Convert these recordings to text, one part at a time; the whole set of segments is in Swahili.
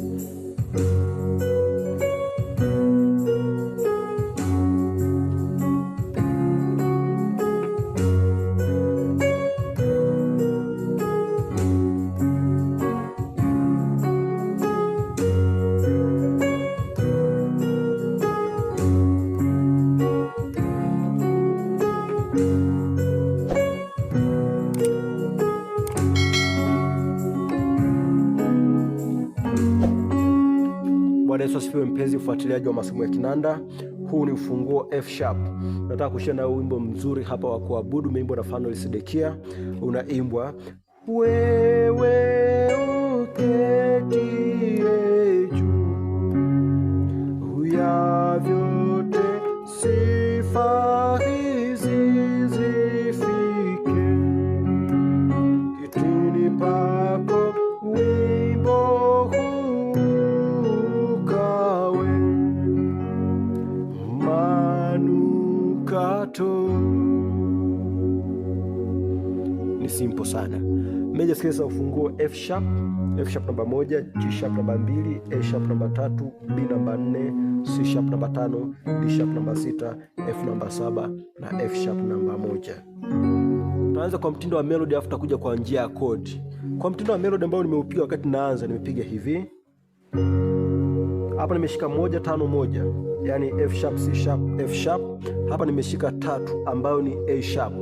Thank you. Bwana Yesu asifiwe, mpenzi ufuatiliaji wa masomo ya kinanda. Huu ni ufunguo F sharp. Nataka kushia nayo wimbo mzuri hapa wa kuabudu, umeimbwa na Fanuel Sedekia, unaimbwa wewe uketi sana. Major scale za ufunguo F sharp, F sharp namba moja, G sharp namba mbili, A e sharp namba tatu, B namba nne, C sharp namba tano, D sharp namba sita, F namba saba na F sharp namba moja. Tunaanza kwa mtindo wa melody afu tutakuja kwa njia ya kodi. Kwa mtindo wa melody ambao nimeupiga wakati naanza, nimepiga hivi hapa nimeshika moja tano moja, yani F sharp, C sharp, F sharp. Hapa nimeshika tatu ambayo ni A sharp,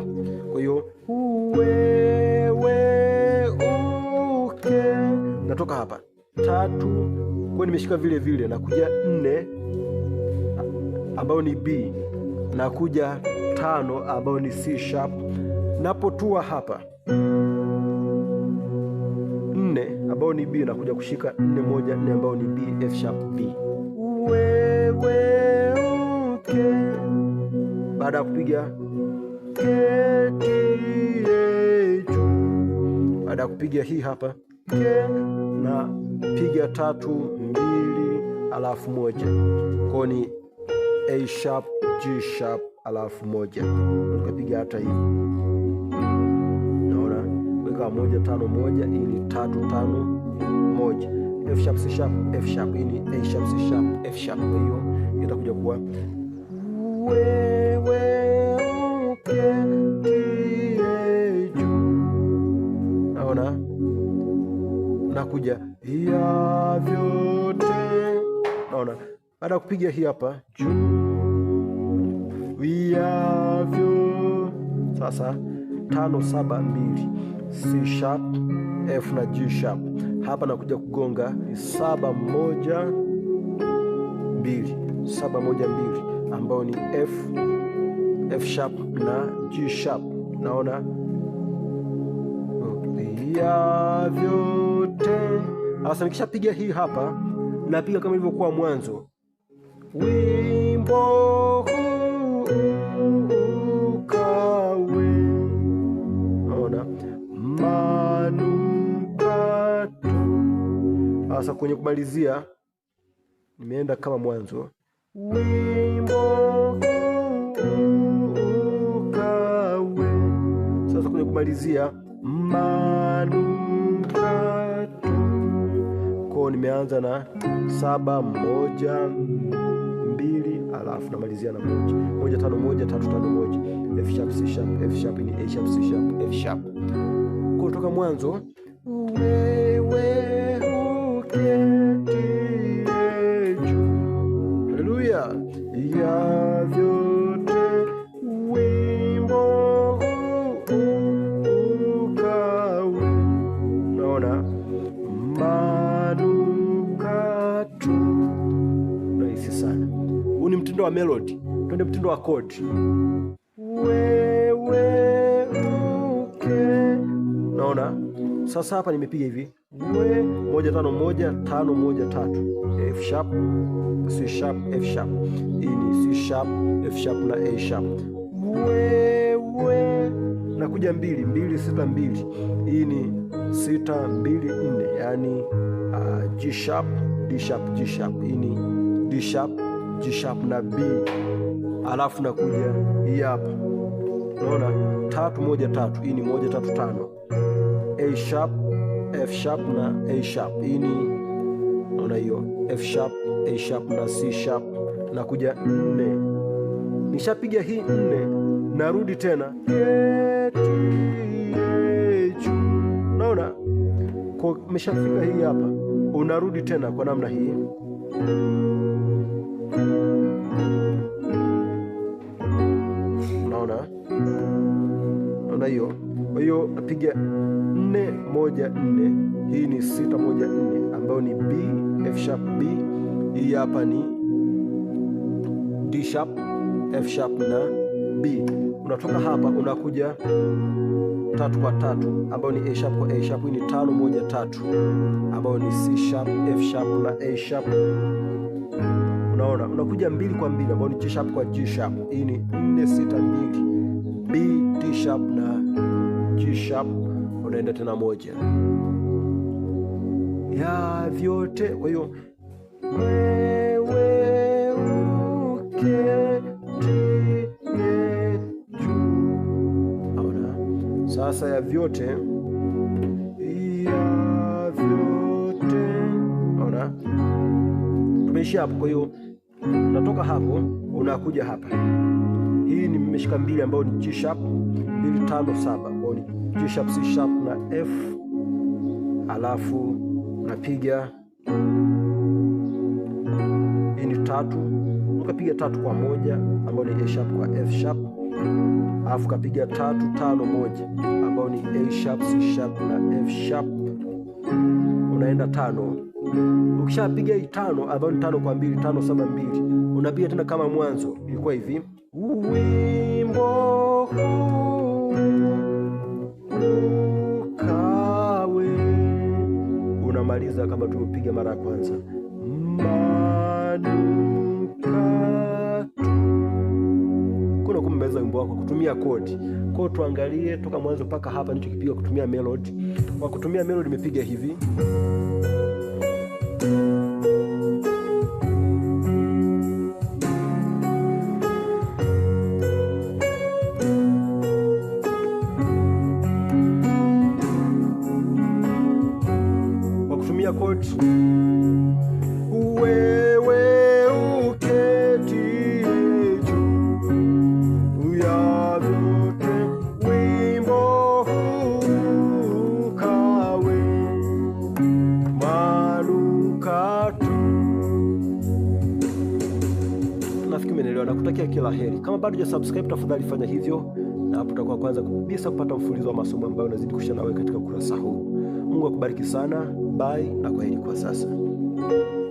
kwa hiyo kutoka hapa tatu, kwa nimeshika vile vile, nakuja nne ambayo ni B, nakuja tano ambayo ni C sharp. Napotua hapa nne ambayo ni B, nakuja kushika nne moja nne ambayo ni B, F sharp B. Wewe uke baada ya kupiga baada ya kupiga hii hapa na piga tatu mbili, alafu moja kwa ni A sharp G sharp, alafu moja ukapiga hata hivi, naona weka moja tano moja, ili tatu tano moja, F sharp C sharp F sharp, hii ni A sharp C sharp F sharp, hiyo itakuja kuwa wewe uke itakuja ya vyote, naona baada ya kupiga hii hapa juu ya vyo. Sasa tano saba mbili, C sharp F na G sharp. Hapa nakuja kugonga saba moja mbili, saba moja mbili, ambayo ni F, F sharp na G sharp, naona vyote yote. Sasa nikishapiga hii hapa, napiga kama ilivyokuwa mwanzo, wimbo huu ukawe, naona manukato. Sasa kwenye kumalizia, nimeenda kama mwanzo, wimbo huu ukawe. Sasa kwenye kumalizia manu nimeanza na saba moja mbili, alafu namalizia na moja moja tano moja tatu tano moja F sharp C sharp F sharp ni A sharp C sharp F sharp kutoka mwanzo. rahisi sana. Huu ni mtindo wa melody, twende mtindo wa chord. Wewe uke, naona sasa hapa nimepiga hivi we moja tano moja tano moja tatu F sharp C sharp F sharp. Hii e ni C sharp F sharp na A sharp. We we nakuja mbili mbili sita mbili, hii e ni sita mbili nne, yani uh, G sharp D sharp G sharp. Hii e ni D sharp, G sharp na B, alafu nakuja hii hapa, unaona tatu moja tatu, hii ni moja tatu tano, A sharp, F sharp na A sharp. Hii ni unaona hiyo F sharp, A sharp na C sharp, nakuja nne. Nishapiga hii nne, narudi tena unaona kwa, umeshafika hii hapa, unarudi tena kwa namna hii. Unaona, unaona hiyo. Kwa hiyo napiga nne moja nne, hii ni sita moja nne ambayo ni B F sharp B. Hii hapa ni D sharp F sharp na B. Unatoka hapa unakuja tatu kwa tatu ambayo ni A sharp kwa A sharp. Hii ni tano moja tatu ambayo ni C sharp F sharp na A sharp unaona unakuja mbili kwa mbili ambao ni G sharp kwa G sharp. Hii ni nne sita mbili B D sharp na G sharp, unaenda tena moja ya vyote. Kwa hiyo wewe e, sasa ya vyote ya vyote, ona tumeishia hapo, kwa hiyo Unatoka hapo unakuja hapa. Hii ni mmeshika mbili ambayo ni G sharp, mbili tano saba ambayo ni G sharp, C sharp na F, alafu unapiga hii ni tatu, ukapiga tatu kwa moja ambayo ni A sharp kwa F sharp, alafu kapiga tatu tano moja ambayo ni A sharp, C sharp na F sharp, unaenda tano ukishapiga hii tano ambayo ni tano kwa mbili, tano saba mbili, unapiga tena kama mwanzo ilikuwa hivi wimbo huu unamaliza kama tulipiga mara ya kwanza kuna kumbeza wimbo wako kutumia kodi. Kwa hiyo tuangalie toka mwanzo mpaka hapa, ndicho kipiga kutumia melody. Kwa kutumia melody, nimepiga hivi kwa kutumia umenelewa na kutakia kila heri. Kama bado hujasubscribe, tafadhali fanya hivyo, na hapo utakuwa kwanza kabisa kupata mfululizo wa masomo ambayo unazidi kusha nawe katika ukurasa huu. Mungu akubariki sana. Bye na kwaheri kwa sasa.